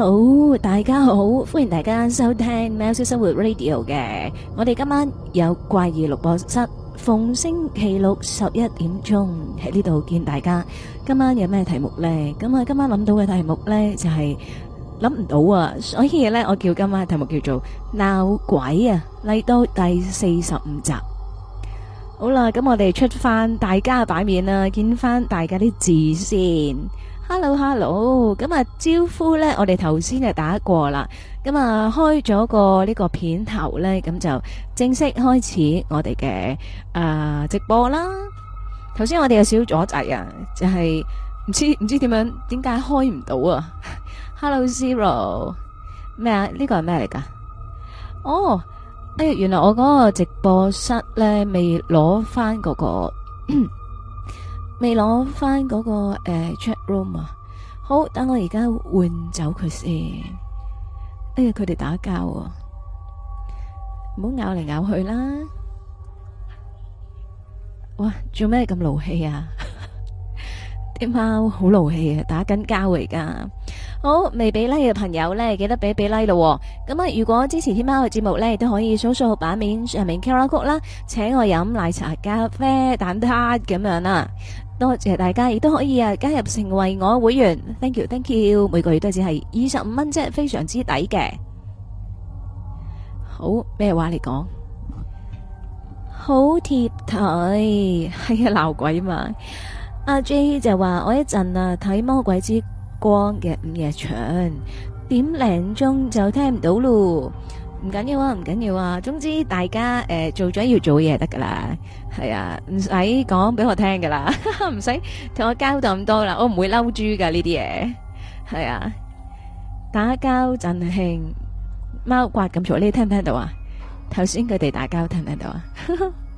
好，大家好，歡迎大家收聽《喵式生活 Radio》嘅。我哋今晚有怪異錄播室，逢星期六十一點鐘喺呢度見大家。今晚有咩題目呢？咁我今晚諗到嘅題目呢，就係諗唔到啊！所以呢，我叫今晚嘅題目叫做鬧鬼啊，嚟到第四十五集。好啦，咁我哋出翻大家嘅版面啦，見翻大家啲字先。Hello，Hello，咁 Hello. 啊，招呼呢，我哋頭先就打過啦，咁啊開咗個呢個片頭呢，咁就正式開始我哋嘅啊直播啦。頭先我哋有少少阻滯啊，就係唔知唔知點樣，點解開唔到啊？Hello Zero，咩啊？呢、呢個係咩嚟噶？哦，哎，原來我嗰個直播室呢，未攞翻嗰個。 未攞翻嗰個誒 check room 啊，好，等我而家換走佢先。哎呀，佢哋打交啊，唔好咬嚟咬去啦。哇，做咩咁勞氣啊？啲貓好勞氣啊，打緊交嚟噶。好，未俾 like 嘅朋友呢，記得俾一俾 like 咯、哦。咁啊，如果支持天貓嘅節目呢，都可以掃掃版面上面卡拉曲啦，請我飲奶茶、咖啡、蛋撻咁樣啦、啊。多謝大家，亦都可以啊加入成為我會員，thank you，thank you，每個月都只係二十五蚊啫，非常之抵嘅。好，咩話嚟講？好貼題，係啊，鬧鬼嘛？阿、啊、J 就話我一陣啊睇魔鬼之光嘅午夜場點零鐘就聽唔到咯，唔緊要啊，唔緊要啊。總之大家誒、呃、做咗要做嘢，得噶啦，係啊唔使，講俾我聽噶啦，唔使同我交咁多啦，我唔會嬲，豬噶呢啲嘢。係啊，打交真係貓刮咁嘈，你聽唔聽到啊？頭先佢哋打交聽唔聽到啊？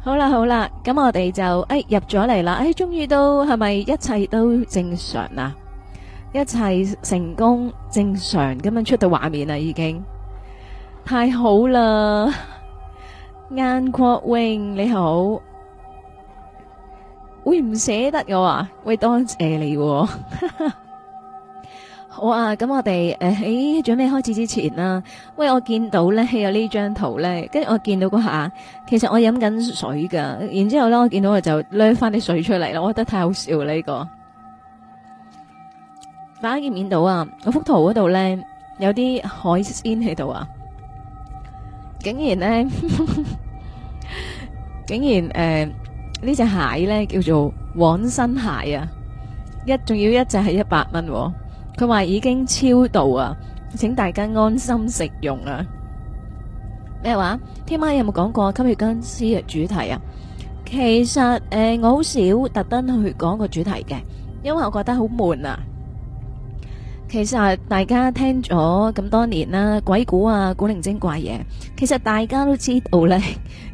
好啦好啦，咁我哋就誒、哎、入咗嚟啦，誒、哎、終於都係咪一切都正常啊？一切成功正常，咁樣出到畫面啦，已經太好啦！晏括永你好，會唔捨得我啊？喂，多謝，謝你、哦。 好、哦、啊！咁我哋誒喺準備開始之前啦，喂，我見到咧有呢張圖咧，跟住我見到嗰下，其實我飲緊水噶，然之後咧我見到我就掠翻啲水出嚟啦，我覺得太好笑啦呢、這個。大家見唔見到啊？幅圖嗰度咧有啲海鮮喺度啊，竟然咧， 竟然誒、呃、呢隻蟹咧叫做往生蟹啊，一仲要一隻係一百蚊喎。佢話已經超度啊，請大家安心食用啊。咩話？聽晚有冇講過吸血僵屍嘅主題啊？其實誒，我好少特登去講個主題嘅，因為我覺得好悶啊。其實大家聽咗咁多年啦，鬼故啊，古靈精怪嘢，其實大家都知道呢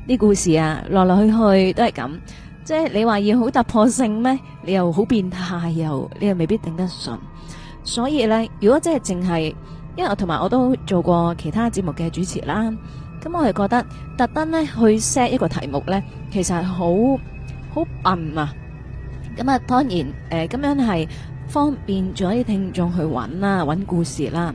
啲故事啊，來來去去都係咁。即係你話要好突破性咩？你又好變態，又你又未必頂得順。所以咧，如果即係淨係，因為我同埋我都做過其他節目嘅主持啦，咁我係覺得特登咧去 set 一個題目咧，其實好好笨啊！咁啊，當然誒，咁樣係方便咗啲聽眾去揾啦，揾故事啦。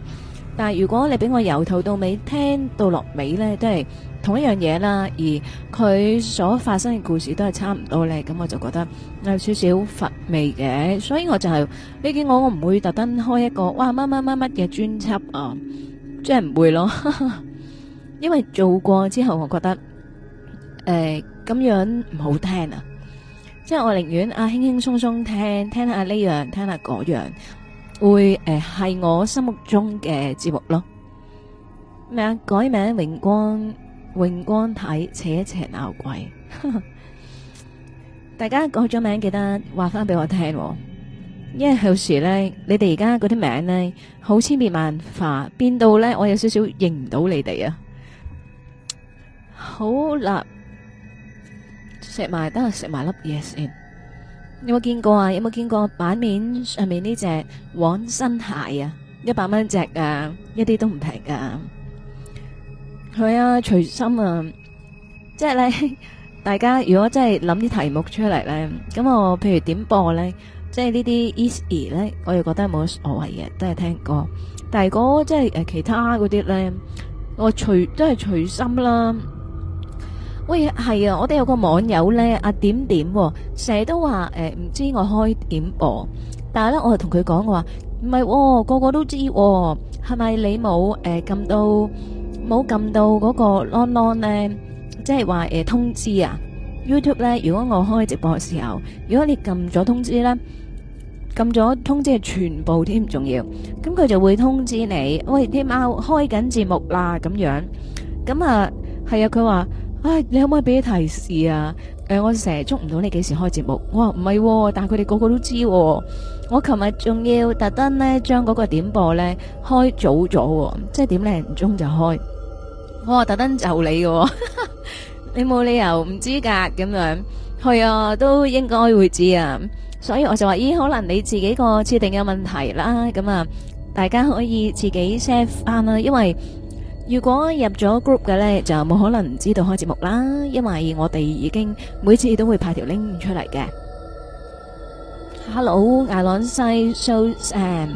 但係如果你俾我由頭到尾聽到落尾咧，都係。同一樣嘢啦，而佢所發生嘅故事都係差唔多咧，咁我就覺得有少少乏味嘅，所以我就係呢見我我唔會特登開一個哇乜乜乜乜嘅專輯啊，即係唔會咯，因為做過之後，我覺得誒咁、呃、樣唔好聽啊，即係我寧願啊輕輕鬆鬆聽聽下呢樣聽下嗰樣，會係、呃、我心目中嘅節目咯。咩啊改名榮光？永光睇且邪，邪鬧鬼， 大家改咗名記得話翻俾我聽，因為有時咧，你哋而家嗰啲名咧好千變萬化，變到咧我有少少認唔到你哋啊！好啦，食埋都係食埋粒嘢先，有冇見過啊？有冇見過版面上面呢隻黃身蟹啊？一百蚊隻啊，一啲都唔平噶。係啊，隨心啊，即係咧。大家如果真係諗啲題目出嚟咧，咁我譬如點播咧，即係呢啲 easy 咧，我又覺得冇乜所謂嘅，都係聽歌。但係如果即係誒其他嗰啲咧，我隨真係隨心啦。喂，係啊，我哋有個網友咧，阿、啊、點點成、哦、日都話誒，唔、呃、知我開點播，但係咧，我就同佢講，我話唔係個個都知係咪、哦、你冇誒撳到？冇撳到嗰個 l o n l o n 呢，咧，即係話，誒，通知啊！YouTube 咧，如果我開直播嘅時候，如果你撳咗通知咧，撳咗通知係全部添，仲要咁，佢就會通知你，喂，天貓開緊節目啦咁樣。咁啊，係啊，佢話，唉、哎，你可唔可以俾提示啊？誒、呃，我成日捉唔到你幾時開節目。我話唔係，但係佢哋個個都知、啊。我琴日仲要特登咧將嗰個點播咧開早咗、啊，即係點零鐘就開。我、哦、特登就你喎、哦， 你冇理由唔知噶咁樣，係啊，都應該會知啊，所以我就話，咦、欸，可能你自己個設定有問題啦，咁啊，大家可以自己 save 翻、嗯、啦，因為如果入咗 group 嘅呢，就冇可能唔知道開節目啦，因為我哋已經每次都會派條 link 出嚟嘅。Hello，艾朗西，So，Sam。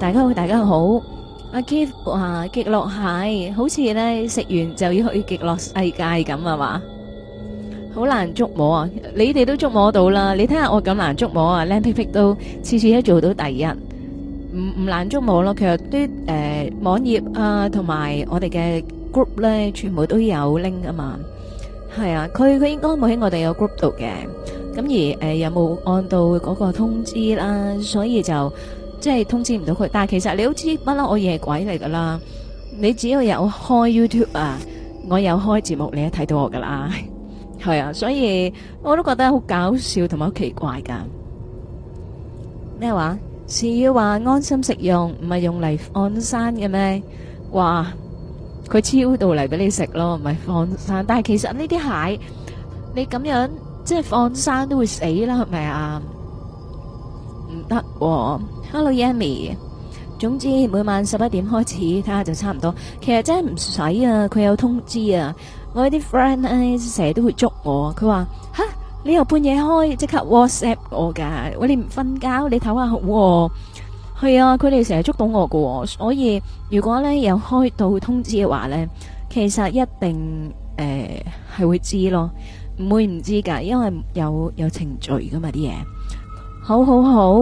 大家好，大家好。阿 Keith 話極樂蟹，好似咧食完就要去極樂世界咁係嘛？好難捉摸啊！你哋都捉摸到啦，你睇下我咁難捉摸啊，叻撇撇，都次次都做到第一，唔唔難捉摸咯。其實啲誒網頁啊，同埋我哋嘅 group 咧，全部都有 link 啊嘛。係啊，佢佢應該冇喺我哋個 group 度嘅。咁而誒有冇按到嗰個通知啦？所以就。即係通知唔到佢，但係其實你知乜啦？我夜鬼嚟噶啦，你只要有開 YouTube 啊，我有開節目，你都睇到我噶啦，係啊，所以我都覺得好搞笑同埋好奇怪噶。咩話？是要話安心食用，唔係用嚟放生嘅咩？話佢超到嚟俾你食咯，唔係放生。但係其實呢啲蟹，你咁樣即係放生都會死啦，係咪啊？得、哦、Hello Yammy，總之每晚十一點開始，睇下就差唔多。其實真係唔使啊，佢有通知啊。我啲 friend 咧，成日都會捉我，佢話吓你又半夜開，即刻 WhatsApp 我噶。我唔瞓覺你唞下好。係、哦、啊，佢哋成日捉到我噶，所以如果咧有開到通知嘅話咧，其實一定誒係、呃、會知咯，唔會唔知噶，因為有有程序噶嘛啲嘢。好好好，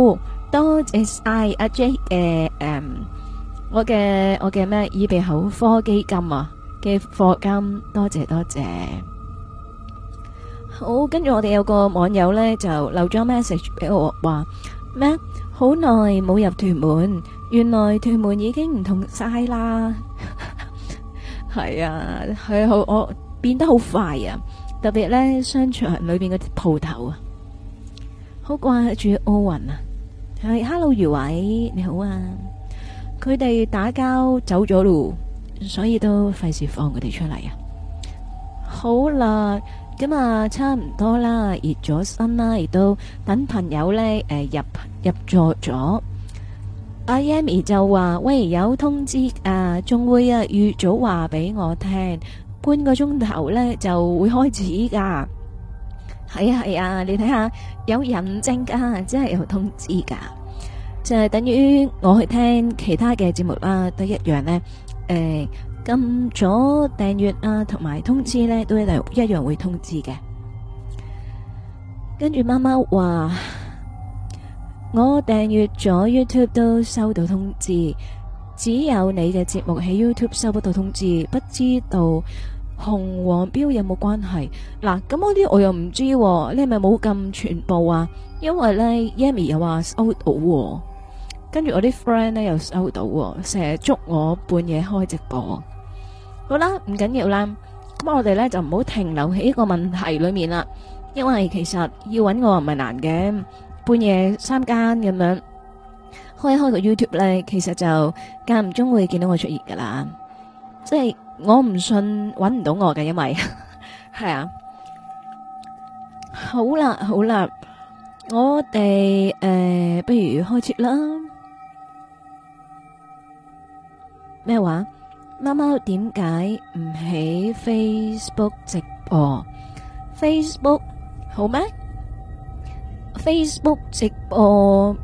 多謝阿阿 J 嘅誒，我嘅我嘅咩耳鼻喉科基金啊嘅貨金，多謝多謝。好，跟住我哋有個網友咧就留咗 message 俾我話咩？好耐冇入屯門，原來屯門已經唔同晒啦。係啊，佢好我變得好快啊！特別咧商場裏邊啲鋪頭啊。好掛住奧運啊！係，Hello，余偉，你好啊！佢哋打交走咗路，所以都費事放佢哋出嚟啊。好啦，咁啊，差唔多啦，熱咗身啦，亦都等朋友咧，誒入入座咗。阿 Amy 就話：喂，有通知啊，仲會啊，預早話俾我聽，半個鐘頭咧就會開始噶。係啊，係啊，你睇下。有引證噶，即係有通知噶，就係等於我去聽其他嘅節目啦，都一樣咧。誒，撳咗訂閱啊，同埋通知咧，都一嚟一樣會通知嘅。跟住貓貓話：我訂閱咗 YouTube 都收到通知，只有你嘅節目喺 YouTube 收不到通知，不知道。紅黃標有冇關係？嗱，咁嗰啲我又唔知道喎，你係咪冇咁全部啊？因為咧，Yami 又話收到喎，跟住我啲 friend 咧又收到喎，成日捉我半夜開直播。好啦，唔緊要啦，咁我哋咧就唔好停留喺呢個問題裏面啦。因為其實要搵我唔係難嘅，半夜三更咁樣開一開個 YouTube 咧，其實就間唔中會見到我出現噶啦，即係。我唔信揾唔到我嘅，因為係 啊，好啦好啦，我哋誒、呃，不如開始啦。咩話？貓貓點解唔起 Facebook 直播？Facebook 好咩？Facebook 直播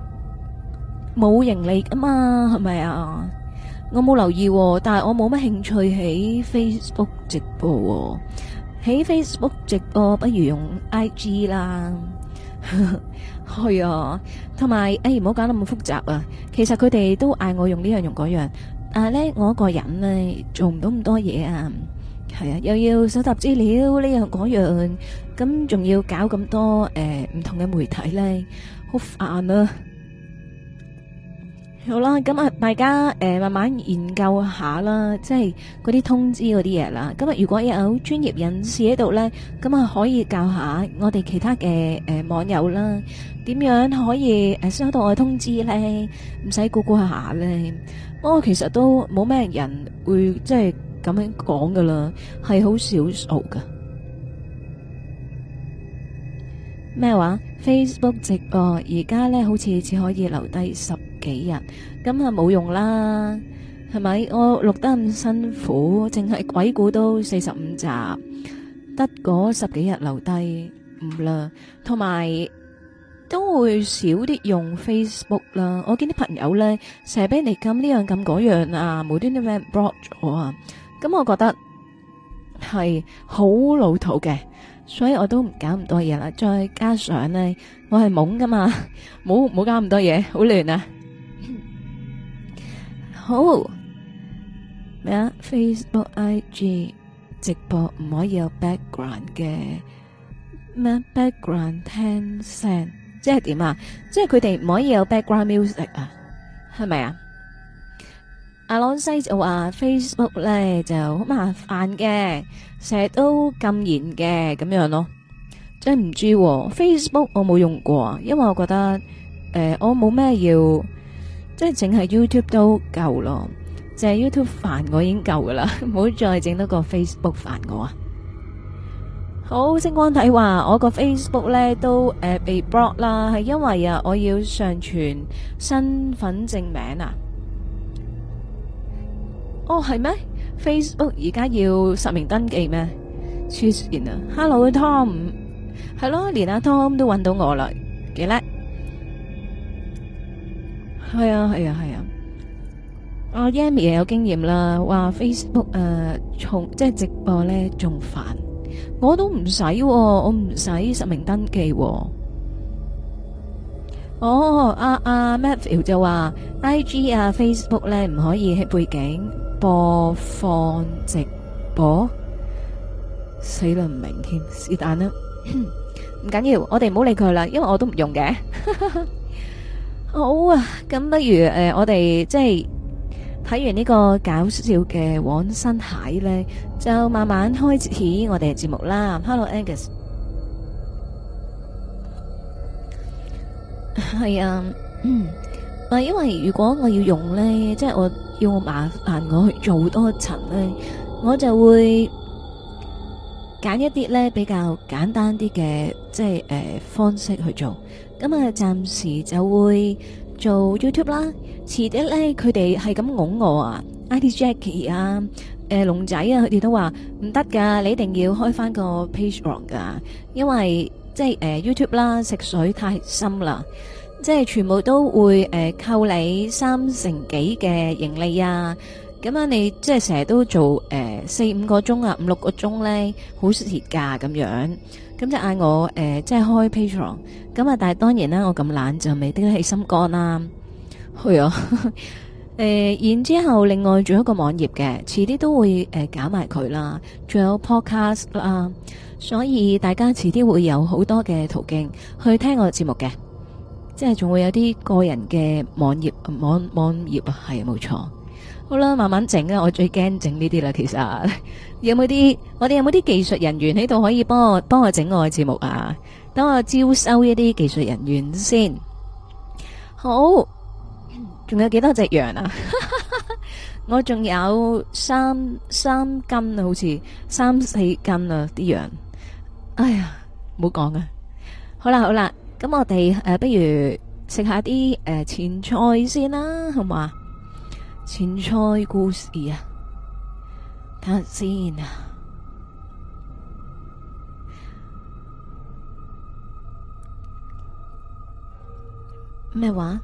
冇盈利噶嘛，係咪啊？我冇留意，喎，但係我冇乜興趣喺 Facebook、哦、Facebook 直播，喺 Facebook 直播不如用 IG 啦，係 啊，同埋哎唔好搞得咁複雜啊！其實佢哋都嗌我用呢樣用嗰樣，但係咧我一個人咧做唔到咁多嘢啊，係啊，啊，又要搜集資料呢樣嗰樣，咁仲要搞咁多誒唔、呃、同嘅媒體咧，好煩啊！好啦，咁啊，大家誒、呃、慢慢研究下啦，即係嗰啲通知嗰啲嘢啦。咁啊，如果有專業人士喺度咧，咁啊可以教下我哋其他嘅誒、呃、網友啦，點樣可以誒收到我通知咧，唔使估估下咧。不過其實都冇咩人會即係咁樣講噶啦，係好少數噶咩話？Facebook 直播而家咧，好似只可以留低十。幾日咁冇用啦，係咪？我錄得咁辛苦，淨係鬼故都四十五集，得嗰十幾日留低唔啦，同埋都會少啲用 Facebook 啦。我見啲朋友咧，成日俾你咁呢樣咁嗰樣，樣啊，無端端俾人 block 咗啊，咁、嗯嗯、我覺得係好老土嘅，所以我都唔搞咁多嘢啦。再加上咧，我係懵噶嘛，冇冇搞咁多嘢，好亂啊！好咩 Facebook IG 直播唔可以有 background 嘅咩？background 聽聲，即係點啊？即係佢哋唔可以有 background music 啊？係咪啊？阿朗西就話 Facebook 咧，就好麻煩嘅，成日都禁言嘅咁樣咯。真唔知 Facebook 我冇用過，因為我覺得誒、呃，我冇咩要。即係整係 YouTube 都夠咯，淨係 YouTube 煩我已經夠噶啦，唔好再整多個 Facebook 煩我啊！好，星光體話我個 Facebook 咧都誒被 block 啦，係因為啊我要上傳身份證明啊。哦係咩？Facebook 而家要實名登記咩？出現啦，Hello Tom，係咯，連阿 Tom 都揾到我啦，幾叻！係啊，係啊，係啊！阿、uh, Yami 有經驗啦，話 Facebook 誒、uh,，重即係直播咧仲煩，我都唔使、哦，我唔使實名登記。哦，阿、oh, 啊、uh, uh, Matthew 就話 IG 啊、uh, Facebook 咧唔可以喺背景播放直播，死啦唔明添，是但啦，唔緊要，我哋唔好理佢啦，因為我都唔用嘅。 好啊，咁不如誒、呃，我哋即係睇完呢個搞笑嘅往生蟹呢，就慢慢開始我哋嘅節目啦。Hello Angus，係 啊，嗯，因為如果我要用呢，即係我要麻煩我去做多一層呢，我就會揀一啲呢比較簡單啲嘅，即係誒、呃、方式去做。咁啊，暫時就會做 YouTube 啦。遲啲咧，佢哋係咁㧬我啊，ID Jackie 啊，誒龍仔啊，佢哋都話唔得噶，你一定要開翻個 Patreon 噶，因為即係誒 YouTube 啦，食水太深啦，即係全部都會誒扣你三成幾嘅盈利啊。咁、呃、啊，你即係成日都做誒四五個鐘啊，五六個鐘呢，好熱架咁樣，咁就嗌我誒、呃、即係開 Patreon，咁啊，但係當然啦，我咁懶就未得起心肝啦，係啊，誒、 呃，然之後另外仲有一個網頁嘅，遲啲都會誒、呃、搞埋佢啦，仲有 podcast 啦，所以大家遲啲會有好多嘅途徑去聽我嘅節目嘅，即係仲會有啲個人嘅網頁網網頁啊，係冇錯。好啦，慢慢整啊！我最驚整呢啲啦，其實有冇啲我哋有冇啲技術人員喺度可以幫我幫我整我嘅節目啊？等我招收一啲技術人員先。好，仲有幾多隻羊啊？ 我仲有三三斤啊，好似三四斤啊啲羊。哎呀，唔好講啊！好啦好啦，咁我哋誒、呃，不如食下啲誒、呃、前菜先啦，好唔好啊？前菜故事啊，睇下先啊。咩話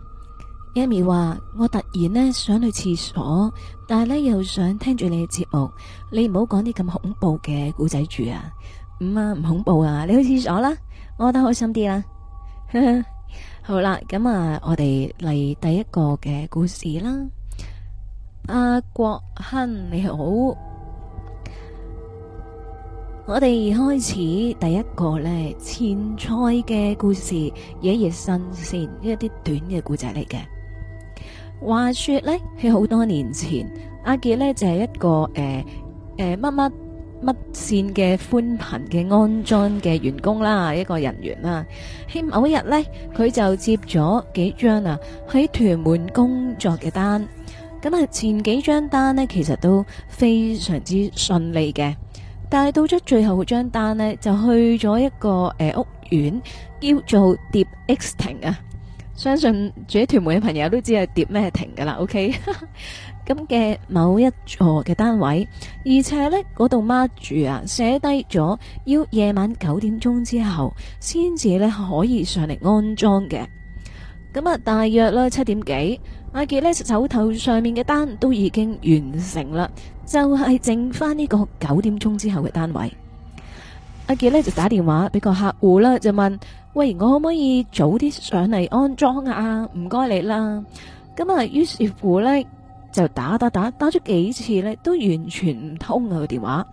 ？Amy 話我突然呢想去廁所，但係呢又想聽住你嘅節目。你唔好講啲咁恐怖嘅古仔住啊。唔、嗯、啊，唔恐怖啊。你去廁所啦，我覺得開心啲啦。 好啦，咁啊，我哋嚟第一個嘅故事啦。阿、啊、國亨你好，我哋開始第一個呢，前菜嘅故事，野熱新先一啲短嘅故仔嚟嘅。話說呢，喺好多年前，阿杰呢就係、是、一個誒誒乜乜乜線嘅寬頻嘅安裝嘅員工啦，一個人員啦。喺某日呢，佢就接咗幾張啊喺屯門工作嘅單。咁啊，前幾張單呢，其實都非常之順利嘅。但係到咗最後嗰張單呢，就去咗一個誒、呃、屋苑，叫做碟 X 亭啊。相信住喺屯門嘅朋友都知係碟咩亭㗎喇。OK，咁 嘅某一座嘅單位，而且呢嗰度 mark 住啊，寫低咗要夜晚九點鐘之後先至呢可以上嚟安裝嘅。咁啊，大約呢，七點幾。阿杰咧，手頭上面嘅單都已經完成啦，就係剩翻呢個九點鐘之後嘅單位。阿杰咧就打電話俾個客戶啦，就問：喂，我可唔可以早啲上嚟安裝啊？唔該你啦。咁啊，於是乎呢，就打打打打咗幾次呢都完全唔通啊個電話。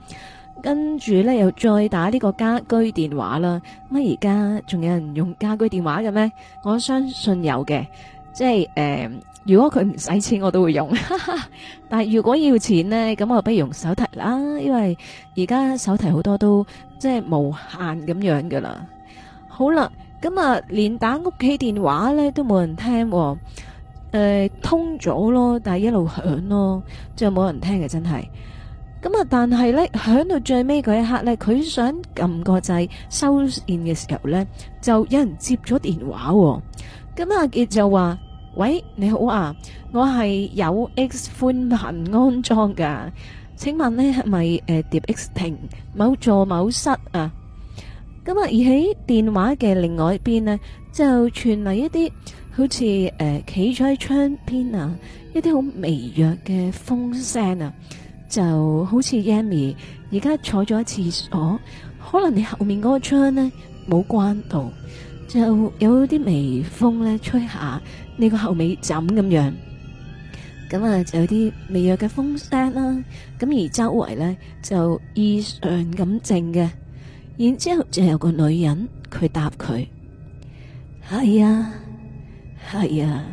跟住呢，又再打呢個家居電話啦。乜而家仲有人用家居電話嘅咩？我相信有嘅。即係誒、呃，如果佢唔使錢，我都會用，哈哈，但係如果要錢呢，咁我就不如用手提啦，因為而家手提好多都即係無限咁樣噶啦。好啦，咁啊，連打屋企電話咧都冇人聽、哦，誒、呃，通咗咯，但係一路響咯，就冇人聽嘅，真係。咁啊，但係呢，響到最尾嗰一刻呢，佢想撳個掣收線嘅時候呢，就有人接咗電話、哦。咁阿杰就話。喂，你好啊，我係有 X 寬頻安裝噶，請問咧係咪誒疊 X 亭某座某室啊？咁啊，而喺電話嘅另外一邊咧，就傳嚟一啲好似誒企咗喺窗邊啊，一啲好微弱嘅風聲啊，就好似 Yamy 而家坐咗喺廁所，可能你後面嗰個窗咧冇關到。就有啲微風咧吹下呢，這個後尾枕咁樣，咁啊就有啲微弱嘅風聲啦，咁而周圍咧就異常咁靜嘅，然之後就有個女人佢答佢，係啊係啊，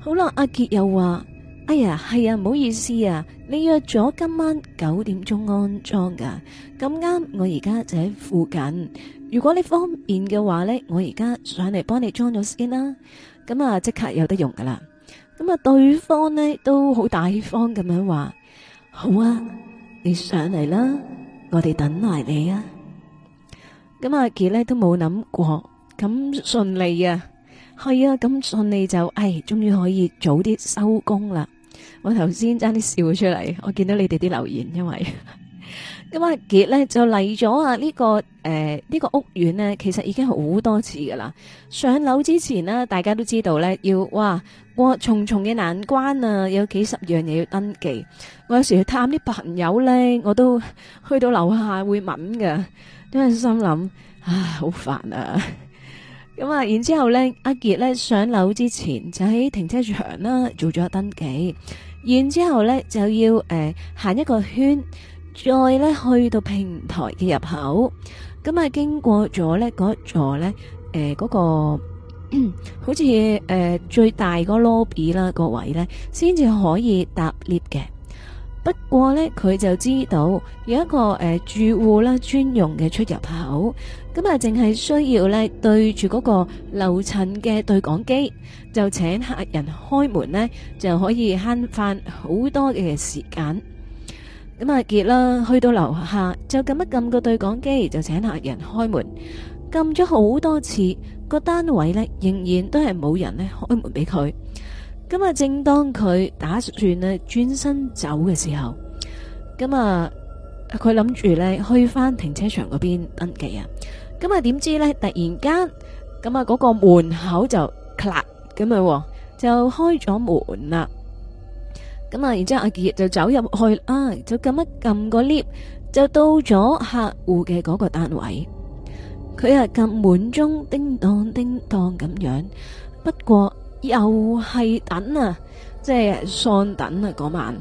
好啦，阿杰又話。哎呀，係啊，唔好意思啊，你約咗今晚九點鐘安裝噶，咁啱我而家就喺附近。如果你方便嘅話呢，我而家上嚟幫你裝咗先啦。咁啊，即刻有得用噶啦。咁啊，對方呢都好大方咁樣話，好啊，你上嚟啦，我哋等埋你啊。咁阿杰呢都冇諗過咁順利啊，係啊，咁順利就，哎，終於可以早啲收工啦。我頭先差啲笑出嚟，我見到你哋啲留言，因為咁、嗯、阿杰咧就嚟咗啊呢個誒呢、呃這個屋苑咧，其實已經好多次噶啦。上樓之前呢，大家都知道咧要哇過重重嘅難關啊，有幾十樣嘢要登記。我有時候去探啲朋友咧，我都去到樓下會問，噶都係心諗啊好煩啊。咁啊，然之後呢，阿杰呢上樓之前就喺停車場啦做咗登記，然之後呢就要誒行、呃、一個圈，再呢去到平台嘅入口，咁、嗯、啊經過咗呢嗰座呢，誒、呃、嗰、嗰個好似誒、呃、最大嗰 lobby 啦個位呢，先至可以搭 lift 嘅。不過呢，佢就知道有一個誒、呃、住戶啦專用嘅出入口。咁啊，淨係需要咧對住嗰個樓層嘅對講機，就請客人開門呢，就可以慳翻好多嘅時間。咁啊，阿杰啦，去到樓下就撳一撳個對講機，就請客人開門。撳咗好多次，個單位呢仍然都係冇人咧開門俾佢。咁啊，正當佢打算呢轉身走嘅時候，咁啊，佢諗住呢去翻停車場嗰邊登記啊。咁啊！點知咧？突然間，咁啊嗰個門口就，咔啦咁樣就開咗門啦。咁啊，然之後阿杰就走入去啊，就撳一撳個 lift，就到咗客戶嘅嗰個單位。佢啊，撳門鐘，叮當叮當咁樣。不過又係等啊，即係喪等啊嗰晚。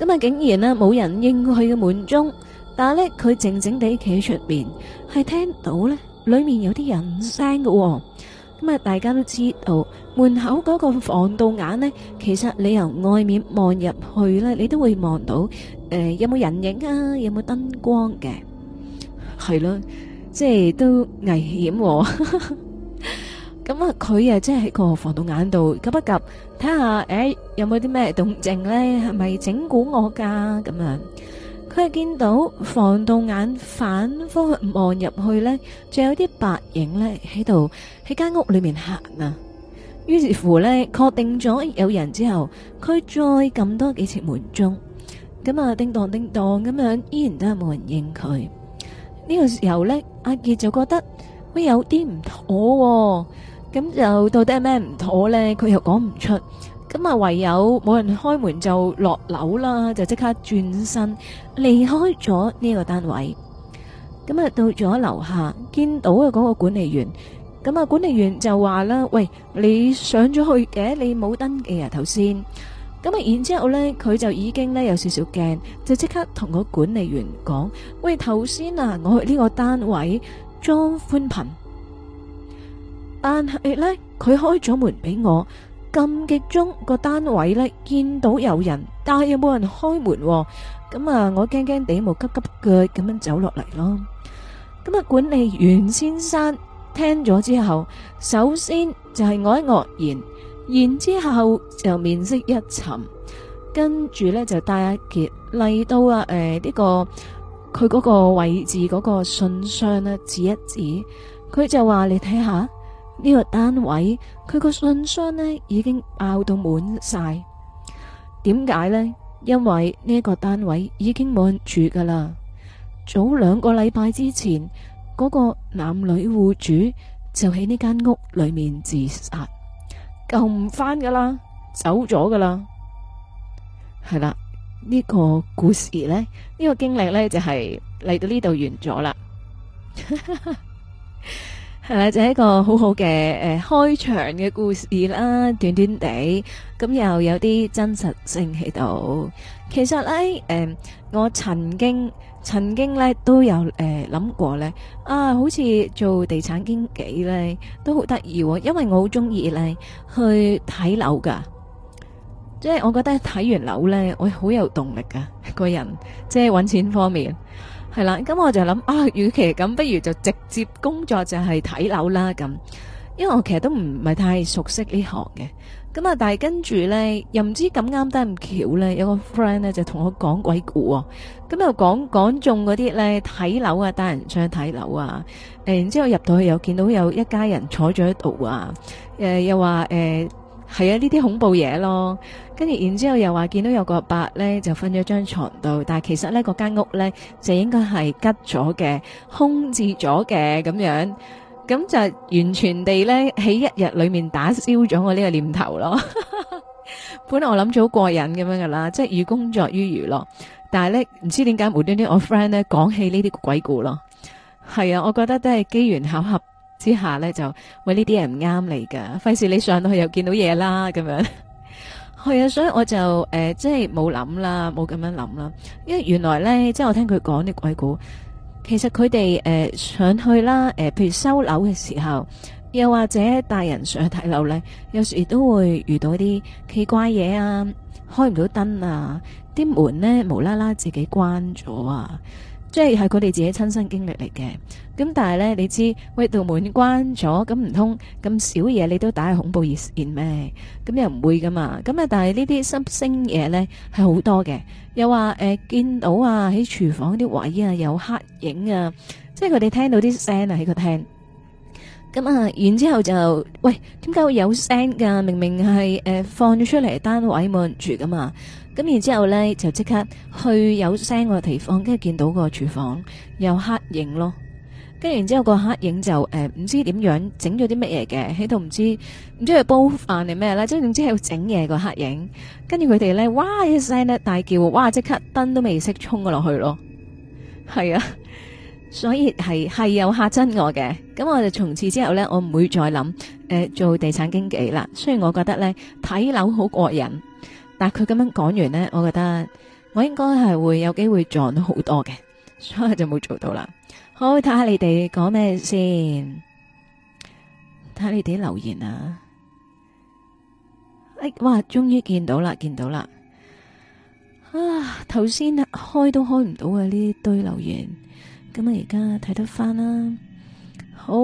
咁啊，竟然咧冇人應佢嘅門鐘。但係咧，佢靜靜地企喺出邊，係聽到咧裏面有啲人聲嘅。咁啊，大家都知道門口嗰個防盜眼咧，其實你由外面望入去咧，你都會望到誒，有冇人影啊？有冇燈光嘅？係咯，即係都危險。咁啊，佢啊，即係喺個防盜眼度 𥄫 一 𥄫，睇下誒，有冇啲咩動靜咧？係咪整蠱我㗎？咁樣。佢見到防盜眼反方向望入去呢，就有啲白影咧，喺度喺間屋裏面行啊。於是乎呢，確定咗有人之後，佢再撳多幾次門鐘，咁啊，叮噹叮噹咁樣，依然都係冇人應佢。呢個時候呢，阿杰就覺得喂，哦，有啲唔妥，咁就到底係咩唔妥呢？佢又講唔出。咁啊，唯有冇人開門就落樓啦，就即刻轉身離開咗呢個單位。咁啊，到咗樓下見到嘅嗰個管理員，咁啊管理員就話啦：喂，你上咗去嘅，你冇登記啊頭先。咁啊，然之後呢，佢就已經呢有少少驚，就即刻同個管理員講：喂，頭先啊，我去呢個單位裝寬頻，但係呢，佢開咗門俾我。咁極中個單位呢，見到有人，但係又冇人開門。哦，咁啊，我驚驚地冇急急腳咁樣走落嚟咯。咁啊，管理員先生聽咗之後，首先就係我一愕然，然之後就面色一沉，跟住呢，就帶阿杰嚟到啊，誒、呃、呢、呢個佢嗰個位置嗰、嗰個信箱啊，指一指，佢就話你睇下。呢、這個單位佢個信箱呢已經爆到滿晒，點解呢？因為呢個單位已經滿住噶啦。早兩個禮拜之前，嗰、那個男女戶主就喺呢間屋裏面自殺，救唔翻噶啦，走咗噶啦。係啦，呢、這個故事呢，呢、這個經歷呢，就係嚟到呢度完咗啦。係、啊、啦，就係、一個好好嘅誒開場嘅故事啦，短短地咁、嗯、又有啲真實性喺度。其實呢，誒、呃、我曾經曾經呢都有誒諗、呃、過呢啊，好似做地產經紀呢都好得意，因為我好中意呢去睇樓噶，即係我覺得睇完樓呢，我好有動力噶個人，即係搵錢方面。係、嗯、啦，咁我就諗啊，與其咁，不如就直接工作就係睇樓啦咁。因為我其實都唔係太熟悉呢行嘅，咁啊，但係跟住呢，又唔知咁啱得咁巧呢，有個 friend 呢就同我講鬼故喎。咁又講講中嗰啲呢，睇樓啊，帶、嗯、人上去睇樓啊，誒、啊，然之後入到去又見到有一家人坐咗喺度啊，誒，又話誒。係啊，呢啲恐怖嘢咯，跟住然之後又話見到有個伯伯呢，就瞓咗張床度，但係其實呢嗰間屋呢，就應該係吉咗嘅，空置咗嘅咁樣，咁就完全地呢，喺一日裏面打消咗我呢個念頭咯。 本來我諗咗好過癮咁樣噶啦，即係寓工作於娛樂，但係呢，唔知點解無端端我 friend 呢講起呢啲鬼故咯，係啊，我覺得都係機緣巧合。之下咧，就喂呢啲人唔啱你噶，費事你上到去又見到嘢啦咁樣，係啊，所以我就誒即係冇諗啦，冇咁樣諗啦，因為原來咧即係我聽佢講啲鬼故，其實佢哋誒上去啦，誒、呃、譬如收樓嘅時候，又或者帶人上去睇樓咧，有時都會遇到啲奇怪嘢啊，開唔到燈啊，啲門咧無啦啦自己關咗啊。即係係佢哋自己親身經歷嚟嘅，咁但係呢，你知道喂度門關咗，咁唔通咁少嘢你都打去恐怖熱線咩？咁又唔會噶嘛？咁啊，但係呢啲心聲嘢呢，係好多嘅，又話誒、呃、見到啊喺廚房啲位啊有黑影啊，即係佢哋聽到啲聲啊喺個廳咁啊，然、啊、之後就喂，點解會有聲噶？明明係誒、呃、放咗出嚟單位冇人住噶嘛？咁然之後咧，就即刻去有聲個地方，跟住見到個廚房有黑影咯。跟住然之後個黑影就誒，唔知點樣整咗啲乜嘢嘅喺度，唔知唔知係煲飯定咩咧，即係總之喺度整嘢個黑影。跟住佢哋咧，哇一聲咧大叫，哇即刻燈都未熄，衝咗落去咯。係啊，所以係係有嚇親我嘅。咁我就從此之後咧，我唔會再諗誒做地產經紀啦。雖然我覺得咧睇樓好過癮。但佢咁樣講完呢，我覺得我應該係會有機會撞到好多嘅，所以就冇做到啦。好，睇下你哋講咩先，睇下你哋留言啊！哎，哇，終於見到啦，見到啦！啊，頭先開都開唔到啊，呢堆留言，咁啊而家睇得返啦，好。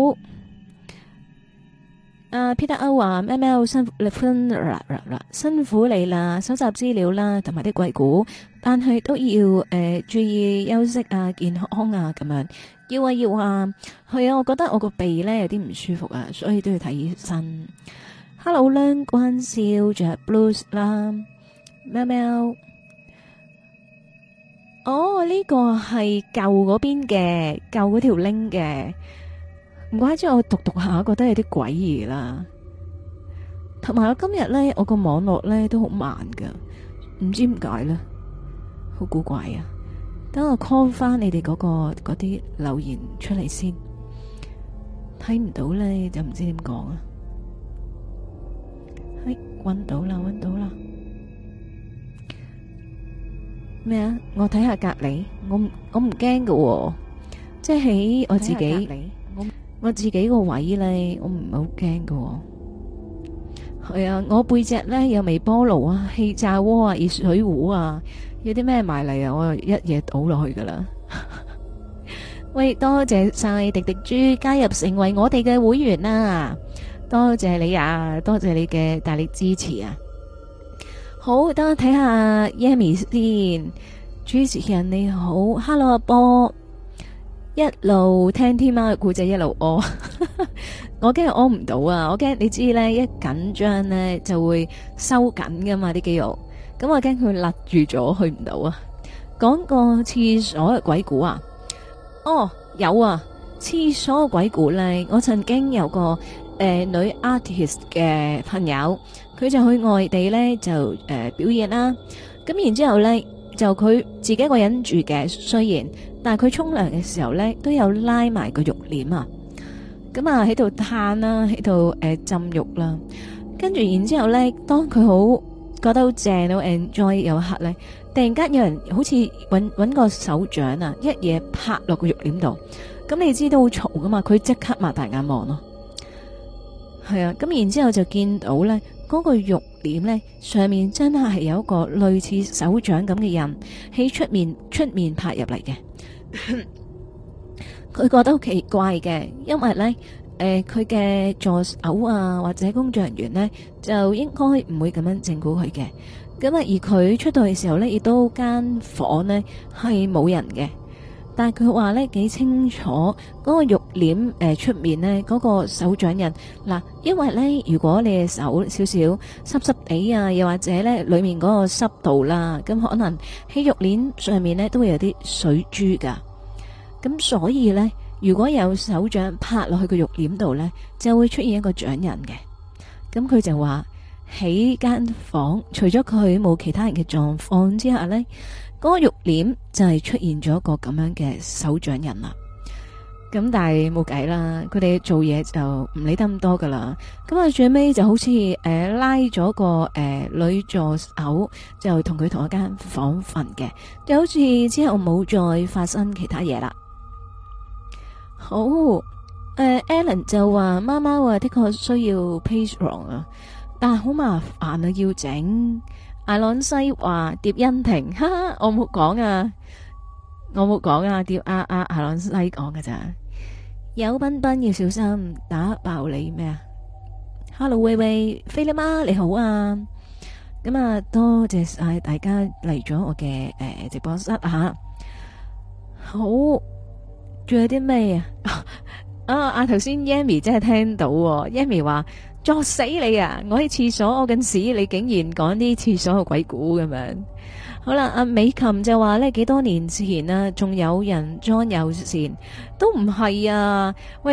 啊、uh，Peter O 啊，喵喵，辛，辛苦啦啦辛苦你啦，搜集資料啦，同埋啲鬼故，但係都要誒、呃、注意休息啊，健康啊，咁樣，要啊要啊，係啊，我覺得我個鼻咧有啲唔舒服啊，所以都要睇醫生。Hello，梁君笑，仲係 Blues 啦，喵喵，哦，呢、這個係舊嗰邊嘅，舊嗰條 link 嘅。唔怪之，我讀讀下，覺得有啲詭異啦。同埋我今日咧，我個網絡咧都好慢噶唔知點解咧，好古怪啊。等我 call 翻你哋嗰個嗰啲留言出嚟先，睇唔到咧就唔知點講啊。嘿，搵到啦，搵到啦。咩啊？我睇下隔籬，我唔我唔驚噶即係喺我自己。我自己個位咧，我唔係好驚噶。係、哎、啊，我背脊咧有微波爐啊、氣炸鍋啊、熱水壺啊，有啲咩埋嚟？啊，我又一嘢倒落去噶啦。 喂，多謝晒迪迪豬加入成為我哋嘅會員啊！多謝你啊，多謝你嘅大力支持啊。好，等我睇下 Yami 先，主持人你好 ，Hello 阿波。一路聽天喵嘅故仔，一路屙，我驚我屙唔到啊！我驚你知咧，一緊張咧就會收緊噶嘛啲肌肉，咁我驚佢勒住咗去唔到啊！講個廁所鬼故啊！哦，有啊，廁所鬼故咧，我曾經有個誒女 artist 嘅朋友，佢就去外地咧就誒表演啦，咁然之後咧。就佢自己一個人住嘅，雖然，但係佢沖涼嘅時候咧，都有拉埋個浴簾啊，咁啊喺度嘆啦，喺度誒浸浴啦、啊，跟住然之後咧，當佢好覺得好正，好 enjoy 有一刻咧，突然間有人好似搵搵個手掌啊，一嘢拍落個浴簾度，咁你知道好嘈噶嘛，佢即刻擘大眼望咯，係啊，咁、啊、然之後就見到咧嗰、那個浴。點咧？上面真係有一個類似手掌咁嘅人喺出面，出面拍入嚟嘅。佢覺得好奇怪嘅，因為咧，誒，佢嘅助手啊或者工作人員咧就應該唔會咁樣整蠱佢嘅。咁啊，而佢出到去時候咧，亦都間房咧係冇人嘅。但係佢話咧幾清楚，嗰個肉鏈誒出面呢，嗰個手掌印嗱。因為呢，如果你嘅手少少濕濕地啊，又或者呢，裏面嗰個濕度啦，咁可能喺肉鏈上面呢都會有啲水珠噶。咁所以呢，如果有手掌拍落去個肉鏈度呢，就會出現一個掌印嘅。咁佢就話：「喺間房，除咗佢冇其他人嘅狀況之下呢。」嗰、那個肉鏈就係出現咗一個咁樣嘅手掌印啦，咁但係冇計啦，佢哋做嘢就唔理得咁多噶啦，咁啊最尾就好似誒、呃、拉咗個誒、呃、女助手就同佢同一間房瞓嘅，就好似之後冇再發生其他嘢啦。好，誒、呃、Alan 就話貓貓啊的確需要 pace wrong 啊，但係好麻煩啊，要整。阿朗西話疊恩婷，哈哈我冇講啊，我冇講啊，疊阿阿阿朗西講㗎咋？有彬彬要小心打爆你咩啊？Hello，喂喂，菲利媽，你好啊，咁啊，多謝晒大家嚟咗我嘅誒、呃、直播室啊！好，仲有啲咩 啊？啊，阿頭先 Yami 真係聽到，Yami、啊、話。作死你啊！我喺廁所屙緊屎，你竟然講啲廁所嘅鬼故咁樣。好啦，阿美琴就話咧，幾多年前啦，仲有人裝友善，都唔係啊。喂你。